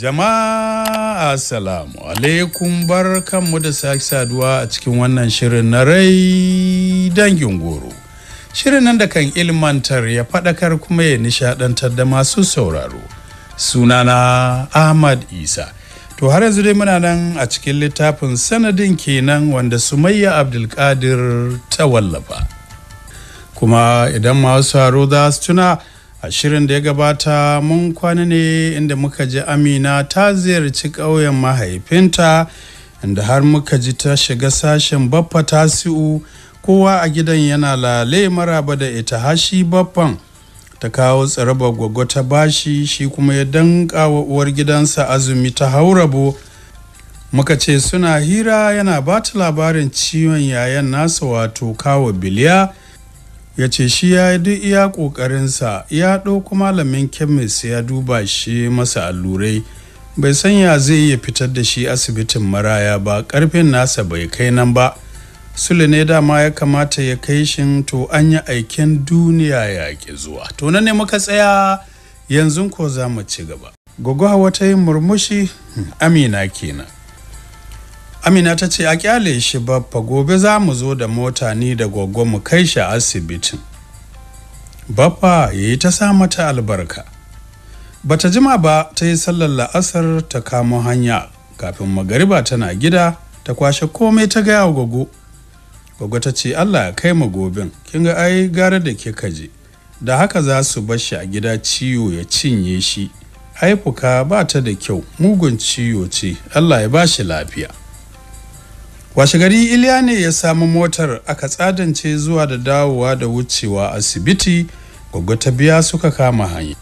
Jama'a Assalamu alaikum bar kanmu da sake saduwa a cikin wannan shirin na rai dangin goro. Shirin nan da kan ilmantar ya faɗakar kuma ya nishadantar da masu sauraro. Sunana Ahmad Isa. To har yanzu dai muna nan a cikin littafin sanadin kenan wanda Sumayya Abdulkadir ta wallafa. Kuma idan masu haro za su tuna a shirin da ya gabata mun kwana ne inda muka ji amina ta ziyarci ƙauyen mahaifinta inda har muka ji ta shiga sashen baffa tasi'u kowa a gidan yana lale maraba da ita hashi baffan ta kawo tsaraba gwaggo ta bashi shi kuma ya danka uwar gidansa azumi ta haurabo muka ce suna hira yana ba ta labarin ciwon yayan nasa wato kawo biliya ya ce shi ya yi duk iya ƙoƙarinsa ya ɗauko malamin kemis ya duba shi masa allurai bai sanya zai iya fitar da shi asibitin maraya ba ƙarfin nasa bai kai nan ba sule ne dama ya kamata ya kai shi to an yi aiken duniya ya ki zuwa to nan ne muka tsaya yanzu ko za mu ci gaba gwagwa wata yin murmushi hmm, amina kenan amina ta ce a kyale shi baffa gobe za mu zo da mota ni da goggo mu kai shi asibitin baffa ya yi ta sa mata albarka bata jima ba ta yi sallar la'asar ta kamo hanya kafin magariba tana gida ta kwashe komai ta gaya wa gwaggo gwaggo ta ce allah ya kai mu gobin kin ga ai gara da ke kaje da haka za su bar shi a gida ciwo ya cinye shi haifuka ba ta da kyau mugun ciwo ce allah ya ba shi lafiya washe gari iliya ne ya samu motar aka tsadance zuwa da dawowa da wucewa asibiti gwaggo ta biya suka kama hanya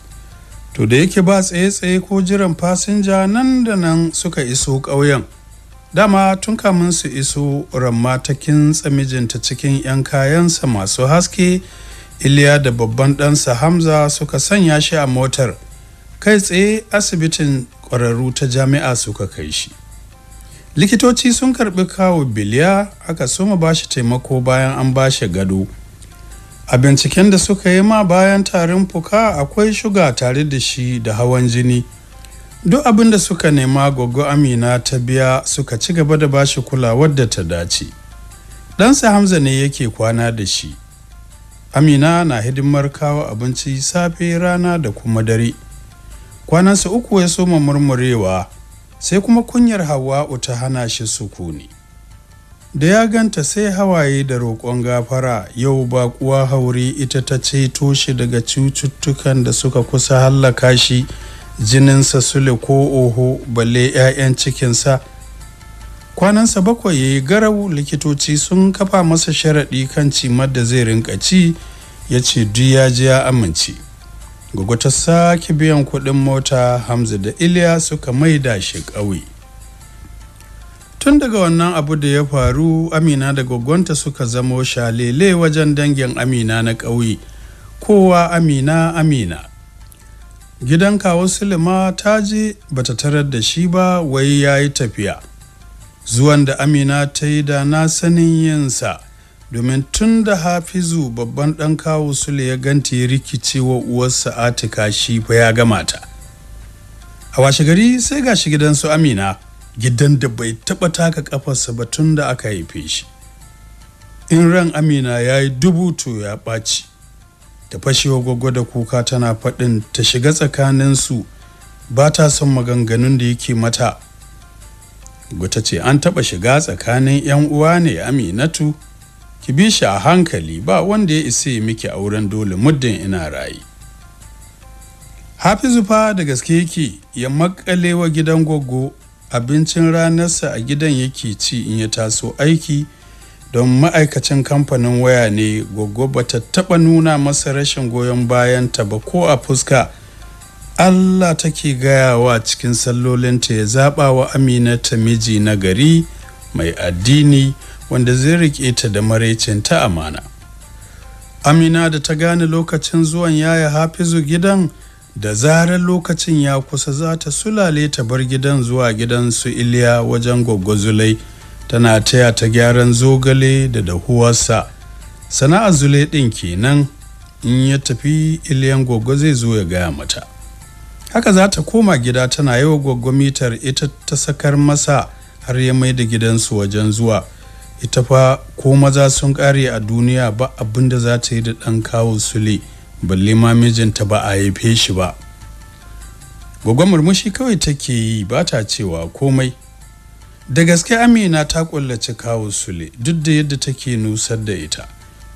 to da yake ba tsaye-tsaye ko jiran fasinja nan da nan suka iso ƙauyen dama tun kamun su iso ramma ta kintsa mijinta cikin 'yan kayansa masu haske iliya da babban ɗansa hamza suka sanya shi a motar kai tsaye asibitin ƙwararru ta jami'a suka kai shi likitoci sun karbi kawo biliya aka soma ba shi taimako bayan an ba shi gado a binciken da suka yi ma bayan tarin fuka akwai shuga tare da shi da hawan jini duk abin da suka nema gogo amina ta biya suka ci gaba da ba shi kulawar da ta dace ɗansa hamza ne yake kwana da shi amina na hidimar kawo abinci safe rana da kuma dare kwanansa uku ya soma murmurewa sai kuma kunyar Hawwa'u ta hana shi sukuni. Da ya ganta sai hawaye da roƙon gafara yau ba kuwa hauri ita ta ceto shi daga cututtukan da suka kusa hallaka shi jininsa sule ko oho balle 'ya'yan cikinsa. Kwanansa bakwai ya yi garau likitoci sun kafa masa sharaɗi kan cimar da zai rinka ci ya ce duk ya ji ya amince. gugu ta sake biyan kuɗin mota hamza da iliya suka maida shi ƙauye tun daga wannan abu da ya faru amina da ta suka zamo shalele wajen dangin amina na ƙauye kowa amina amina gidan kawo sulima ta je bata tarar da shi ba wai ya yi tafiya zuwan da amina ta yi da na sanin yinsa domin tun da hafizu babban dan kawo sule ya ganta ya rikicewa uwarsa atika shi fa ya gama ta a washe gari sai ga shi gidan amina gidan da bai taɓa taka ƙafarsa ba tun da aka haife shi in ran amina ya yi dubutu ya ɓaci da fashewa gwaggwa da kuka tana faɗin ta shiga tsakaninsu ba ta son maganganun da yake mata gwata ce an taɓa shiga tsakanin 'yan uwa ne aminatu ki bi shi a hankali ba wanda ya isa yi miki auren dole muddin ina rayu hafizu fa da gaske yake ya makalewa gidan goggo abincin ranarsa a gidan yake ci in ya taso aiki don ma'aikacin kamfanin waya ne goggo ba ta taɓa nuna masa rashin goyon bayanta ba ko a fuska allah take gayawa cikin sallolinta ya zaɓa wa ta miji na gari mai addini wanda zai riƙe ta da maraicin ta amana amina da ta gane lokacin zuwan yaya hafizu gidan da zarar lokacin ya kusa za ta sulale ta bar gidan zuwa gidan su iliya wajen gwaggwazulai tana taya ta gyaran zogale da dahuwarsa sana'ar zule ɗin kenan in ya tafi iliyan gwaggwa zai zo ya gaya mata haka za ta koma gida tana yi wa mitar ita ta sakar masa har ya mai da gidansu wajen zuwa ita fa ko maza sun kare a duniya ba abin da za ta yi da ɗan kawo sule balle ma mijinta ba a haife shi ba gwagwan murmushi kawai take yi ba ta cewa komai da gaske amina ta kullace kawo sule duk da yadda take nusar da ita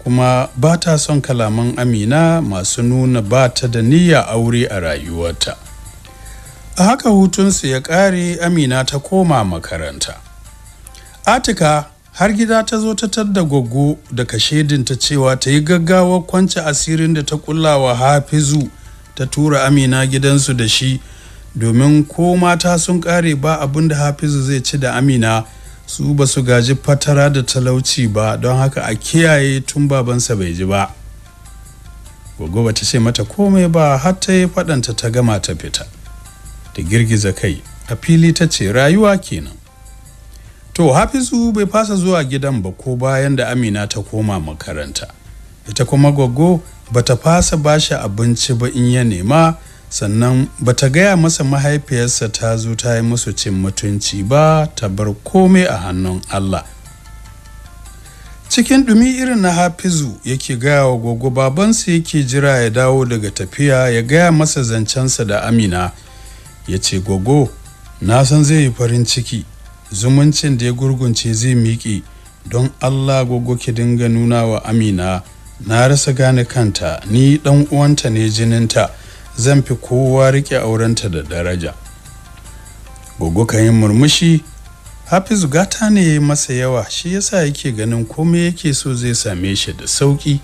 kuma ba ta son kalaman amina masu nuna ba ta da niyya aure a rayuwarta a haka hutunsu ya ƙare amina ta koma makaranta atika har gida ta zo ta tadda gwaggo da kashedin ta cewa ta yi gaggawa kwance asirin da ta kullawa hafizu ta tura amina gidansu da shi domin ko mata sun kare ba abin da hafizu zai ci da amina su ba su gaji fatara da talauci ba don haka a kiyaye tun babansa bai ji ba gwaggo ba ta ce mata komai ba har ta yi faɗanta ta gama ta fita da girgiza kai a fili ta ce rayuwa kenan To Hafizu bai fasa zuwa gidan ba ko bayan da Amina ta koma makaranta. Ita kuma gwaggo bata fasa bashi abinci ba in ya nema sannan bata gaya masa mahaifiyarsa ta zo ta yi musu cin mutunci ba ta bar komai a hannun Allah. Cikin ɗumi irin na Hafizu yake gaya wa gwaggo babansa yake jira ya dawo daga tafiya ya gaya masa zancensa da Amina. Ya ce gwaggo na san zai yi farin ciki zumuncin da ya gurgunce zai miƙe don allah gogo ki dinga nuna wa amina na rasa gane kanta ni dan uwanta ne jininta zan fi kowa riƙe aurenta da daraja gogo ka yi murmushi hafizu gata ne masa yawa shi yasa yake ganin komai yake so zai same shi da sauƙi.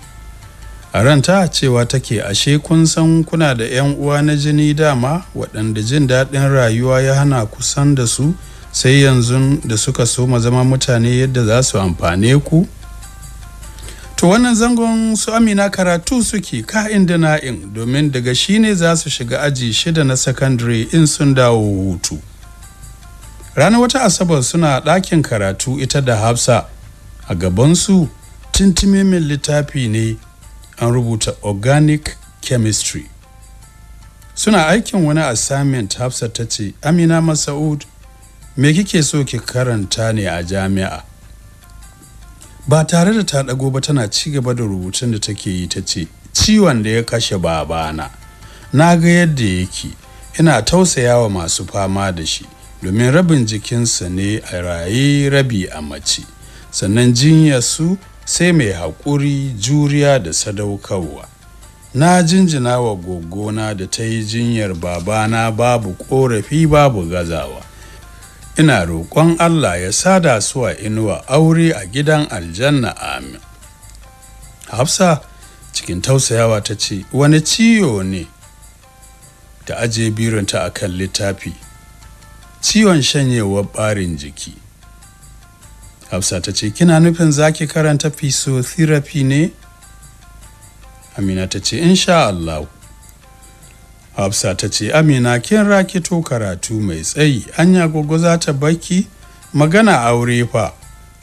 a ranta cewa take ashe kun san kuna da 'yan uwa na jini dama waɗanda jin daɗin rayuwa ya hana kusan da su sai yanzu da suka so ma zama mutane yadda za su amfane ku to wannan zangon su amina karatu suke ka'in da na'in domin daga shi ne za su shiga aji shida na sakandare in sun dawo hutu ranar wata asabar suna ɗakin karatu ita da hafsa a gabansu tintimimin littafi ne an rubuta organic chemistry suna aikin wani assignment hafsa ta ce amina masa'ud me kike so ki karanta ne a jami'a ba tare da ta ɗago ba tana ci gaba da rubutun da take yi ta ce ciwon da ya kashe babana na ga yadda yake ina tausayawa masu fama da shi domin rabin jikinsa ne a raye rabi a mace sannan su sai mai haƙuri juriya da sadaukarwa na jinjina wa gogona da ta yi jinyar babana babu ƙorafi babu gazawa ina roƙon Allah ya sada su a inuwa aure a gidan aljanna amin hafsa cikin tausayawa ta ce wani ciyo ne ta aje birinta a kan littafi ciwon shanyewar ɓarin jiki hafsa ta ce kina nufin zaki karanta physiotherapy ne amina ta ce insha Allah hafsa ta ce amina kin rakito karatu mai tsayi anya gogo za ta baki magana aure fa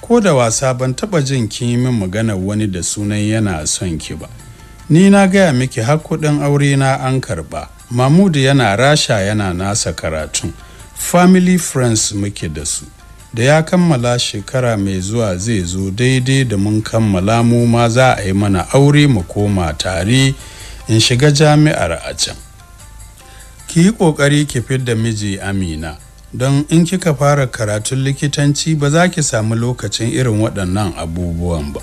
ko da wasa ban taba jin kin min magana wani da sunan yana son ki ba ni na gaya miki har kuɗin aure na an karba mamudu yana rasha yana nasa karatun family friends muke da su da ya kammala shekara mai zuwa zai zo daidai da mun kammala mu ma za a yi mana aure mu koma tare in shiga jami'ar a can ki yi ƙoƙari ki da miji amina don in kika fara karatun likitanci ba za ki samu lokacin irin waɗannan abubuwan ba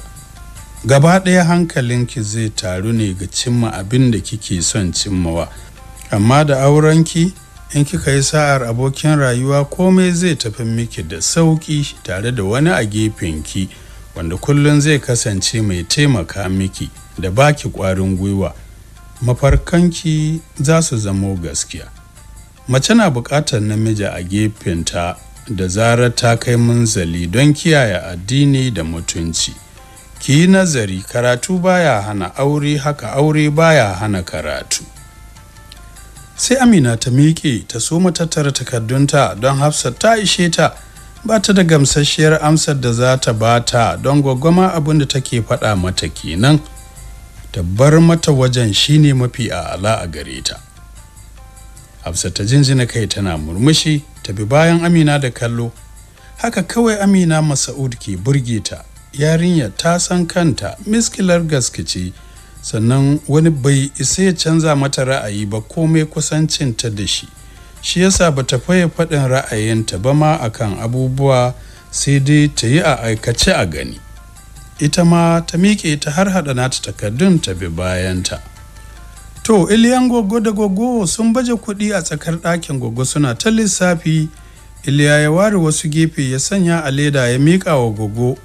gaba ɗaya hankalinki zai taru ne ga cimma abin da kike son cimmawa amma da aurenki in kika yi sa'ar abokin rayuwa komai zai tafi miki da sauƙi tare da wani a gefenki wanda kullum zai kasance mai taimaka miki da baki ƙwarin gwiwa mafarkanki za su zamo gaskiya mace na buƙatar namiji a gefenta da zarar ta kai munzali don kiyaye addini da mutunci ki yi nazari karatu baya hana aure haka aure baya hana karatu sai amina ta miƙe ta so matattara takardunta don hafsat ta ishe ta ba ta da gamsasshiyar amsar da za ta ba ta don gwagwama abin da take faɗa mata kenan ta bar mata wajen shine mafi a'ala a gare ta hafsa ta jinjina kai tana murmushi ta bi bayan amina da kallo haka kawai amina masa'ud ke burge ta yarinya ta san kanta miskilar gaskice sannan wani bai isa ya canza mata ra'ayi ba komai kusancinta da shi shi yasa ba ta faye faɗin ra'ayinta ba ma akan abubuwa sai dai ta yi a aikace a gani ita ma ta miƙe ta har haɗa nata takardun ta bi bayanta to iliyan gogo da gogo sun baje kuɗi a tsakar ɗakin gogo suna ta lissafi iliya ya ware wasu gefe ya sanya a leda ya miƙa wa gogo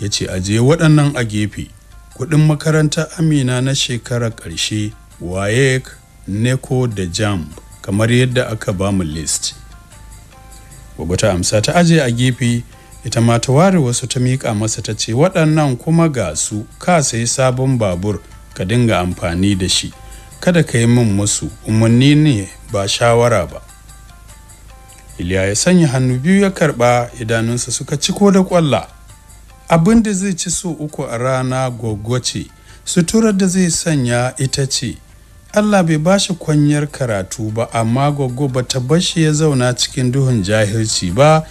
ya ce aje waɗannan a gefe kuɗin makarantar amina na shekarar ƙarshe wayek neko da jam kamar yadda aka ba mu list gogo ta amsa ta aje a gefe ita ma ta ware wasu ta miƙa masa ta ce waɗannan kuma ga su ka sayi sabon babur ka dinga amfani da shi kada ka yi min musu umarni ne ba shawara ba iliya ya sanya hannu biyu ya karɓa idanunsa suka ci ko da ƙwalla abin da zai ci so uku a rana ce, suturar da zai sanya ita ce allah bai ba shi kwanyar karatu ba amma gwaggo ba ta bashi ya zauna cikin duhun jahilci ba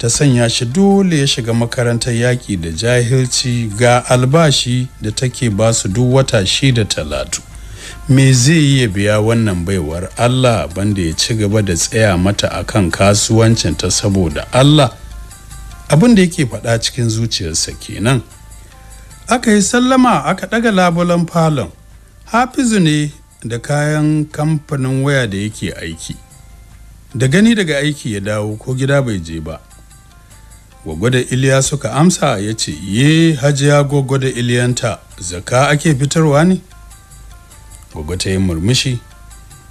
ta sanya shi dole ya shiga makarantar yaƙi da jahilci ga albashi da take ba su duk wata shi da talatu me zai iya biya wannan baiwar allah banda ya ci gaba da tsaya mata akan kasuwancinta saboda allah abin da yake faɗa cikin zuciyarsa kenan aka yi sallama aka ɗaga labulan falon hafizu ne da kayan kamfanin waya da yake aiki da gani daga aiki ya dawo ko gida bai je ba gwagwada Iliya suka amsa ya ce, Ye hajiya gwagwada Iliyanta, zaka ake fitarwa ne? gwagwata ta yi murmushi.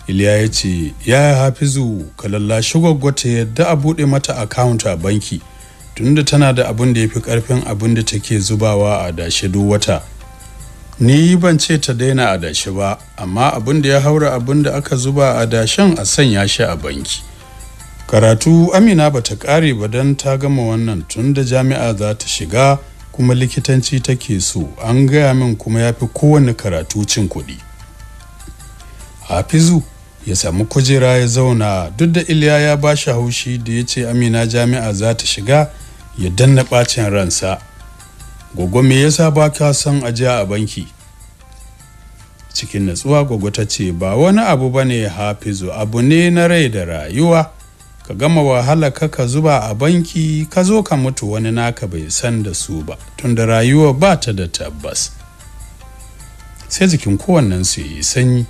Iliya ya ce, Ya hafizu, ka lallashi gwagwata ta yadda a buɗe mata akaunt a banki, tunda tana da abin da ya fi ƙarfin abin da take zubawa a dashe duk wata. Ni ban ce ta daina a dashe ba, amma abin da ya haura abin da aka zuba a dashen a sanya shi a banki. karatu amina ba ta kare ba don ta gama wannan tun da jami'a za ta shiga kuma likitanci take so an gaya min kuma ya fi kowane karatu cin kuɗi hafizu ya samu kujera ya zauna duk da iliya ya ba shi haushi da ya ce amina jami'a za ta shiga ya danna ɓacin ransa gogo me yasa ba ka son ajiya a banki cikin natsuwa gogo ta ce ba wani abu ba ne hafizu abu ne na rai da rayuwa ka gama wahala ka ka zuba a banki ka zo ka mutu wani naka bai san da su ba tunda rayuwa ba ta da tabbas sai jikin kowannen su yi sanyi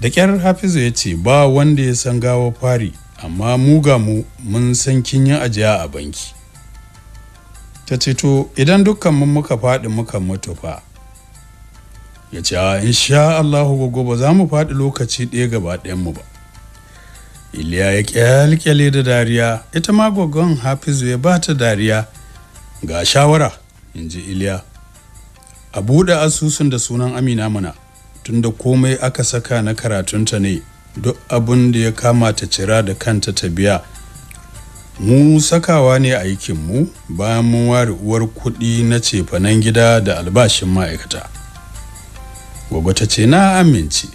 da kyar hafizu ya ce ba wanda ya san gawa fari amma mu ga mu mun san kin yi ajiya a banki ta ce to idan dukkan mun muka faɗi muka mutu fa ya ce insha Allahu gobe za mu faɗi lokaci ɗaya gaba ɗayan mu ba Iliya ya kyalkyale da dariya, ita ma gwaggon Hafizu ya bata dariya. Ga shawara, in ji Iliya. A buɗe asusun da sunan Amina mana, tunda komai aka saka na karatunta ne, duk abin da ya kama ta cira da kanta ta biya. Mu sakawa ne aikinmu bayan mun ware uwar kuɗi na cefanen gida da albashin ma'aikata. Gwagwata ce na amince.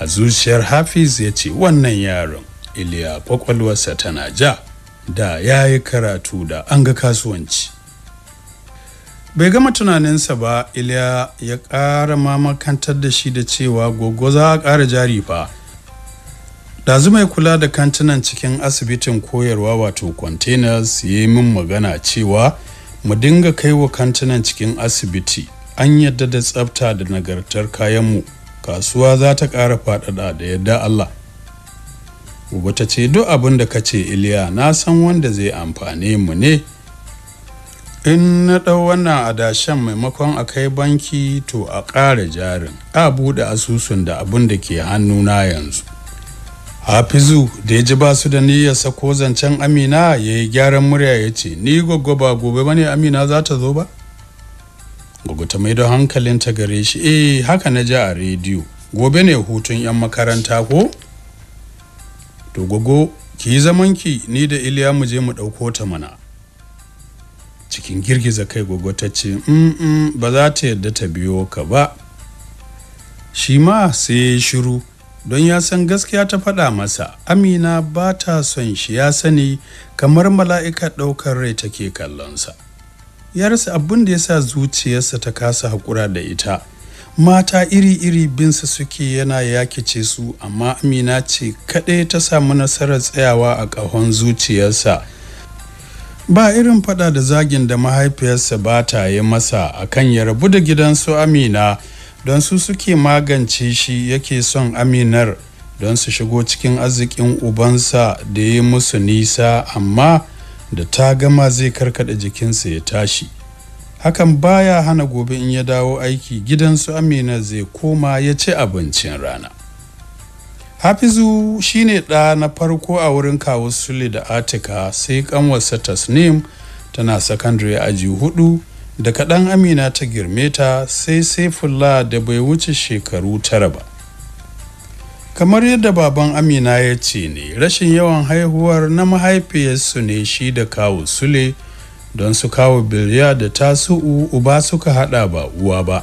a zuciyar hafiz ya ce wannan yaron iliya kwakwalwarsa tana ja da ya yi karatu da an ga kasuwanci bai gama tunaninsa ba iliya ya ƙara mamakantar da shi da cewa gogo za a ƙara jari fa ɗazu mai kula da kantinan cikin asibitin koyarwa wato containers ya yi min magana cewa mu dinga kai wa kantinan cikin asibiti an yadda da tsafta da nagartar kayanmu kasuwa za ta ƙara faɗaɗa da yadda Allah uba ta ce duk abin da ka ce iliya na san wanda zai amfane mu ne in na ɗau wannan adashen maimakon a kai banki to a ƙara jarin a buɗe asusun da abin da ke hannuna yanzu hafizu da ya ji ba su da niyyar sako zancen amina ya yi gyaran murya ya ce ni gwaggwaba gobe ne amina za ta zo ba gugu ta maido hankalin ta gare shi eh haka na ji a rediyo gobe ne hutun 'yan makaranta ko to gugu ki yi ki ni da iliya mu je mu ɗauko ta mana cikin girgiza kai gugu ta ce mm ba za ta yarda ta biyo ka ba shi ma sai ya shiru don ya san gaskiya ta faɗa masa amina ba ta son shi ya sani kamar mala'ikar ɗaukar rai take kallonsa ya rasa abin da ya sa zuciyarsa ta kasa haƙura da ita mata iri-iri binsa suke yana yakice su amma amina ce kaɗai ta samu nasarar tsayawa a ƙahon zuciyarsa ba irin faɗa da zagin da mahaifiyarsa ba ta yi masa a kan ya rabu da gidansu amina don su suke magance shi yake son aminar don su shigo cikin arzikin ubansa da ya musu nisa amma da ta gama zai karkada jikinsa ya tashi hakan baya hana gobe in ya dawo aiki gidansu amina zai koma ya ci abincin rana hafizu shine ɗa na farko a wurin kawo sule da atika sai kanwarsa tasnim tana sakandare ji hudu da kaɗan amina ta girme ta sai saifullah da bai wuce shekaru tara ba kamar yadda baban amina ya ce ne rashin yawan haihuwar na mahaifiyarsu ne shi da kawo sule don su kawo biliya da tasu'u uba suka hada ba uwa ba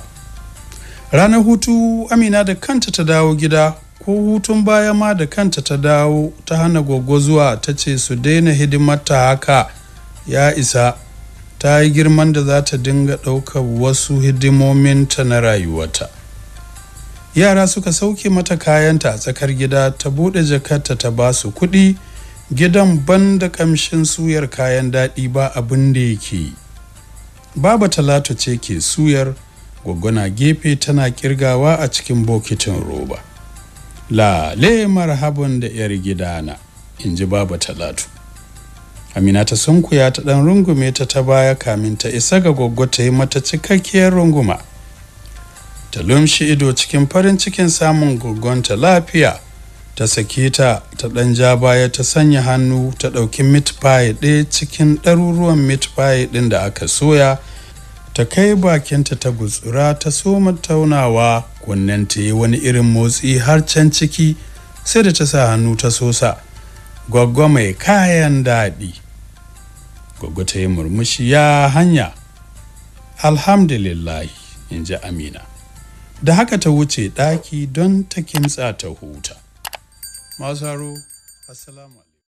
ranar hutu amina da kanta ta dawo gida ko hutun baya ma da kanta ta dawo ta hana goggo zuwa ta ce su daina hidimarta haka ya isa ta yi girman da za ta dinga ɗaukar wasu hidimominta na rayuwata. yara suka sauke mata kayanta a tsakar gida ta buɗe jakarta ta ba su kuɗi gidan ban da ƙamshin suyar kayan daɗi ba abin da yake baba talatu ce ke suyar gwaggwana gefe tana kirgawa a cikin bokitin roba lale marhaban da 'yar gidana in ji baba talatu amina ta sunkuya ta ɗan rungume ta ta baya kamin ta isa ga gwaggo ta yi mata cikakkiyar runguma ta lumshi ido cikin farin cikin samun ta lafiya ta sake ta ta ɗan ja baya ta sanya hannu ta ɗauki meat pie ɗaya cikin ɗaruruwan meat pie ɗin da aka soya ta kai bakinta ta gutsura ta soma taunawa kunnen ta yi wani irin motsi har can ciki sai da ta sa hannu ta sosa gwaggwa mai kayan daɗi gwaggwa ta yi murmushi ya hanya alhamdulillahi in ji amina da haka ta wuce ɗaki don ta kintsa ta huta. Masaro, Assalamu